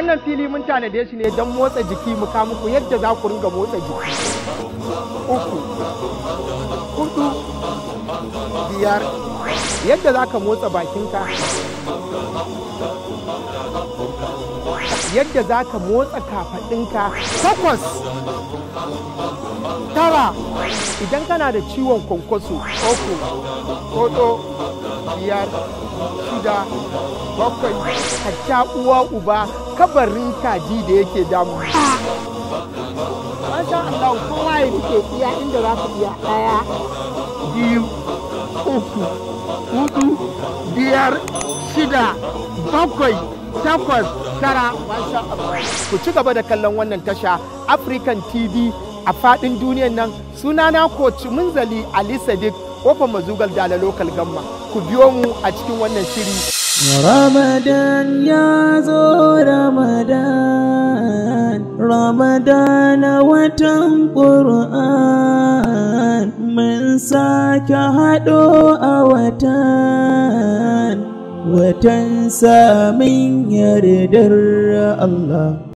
wannan fili mun tanade shi ne don motsa jiki mu ka muku yadda za ku ringa motsa jiki uku hudu biyar yadda za ka motsa bakinka yadda za ka motsa kafaɗinka takwas tara idan kana da ciwon kwankwaso uku hudu biyar shida bakwai hatta uwa uba kabarin kaji da yake damu masha Allah kowa ya fike iya inda za ku iya ɗaya biyu uku hudu biyar shida bakwai takwas tara masha Allah ku ci gaba da kallon wannan tasha African TV a faɗin duniyan nan sunana koci munzali ali sadiq kofar mazugal dala lokal gamma ku biyo mu a cikin wannan shiri ramadan ya zo ramadana watan ƙur'an mun sake haɗo a watan watan samun yardar Allah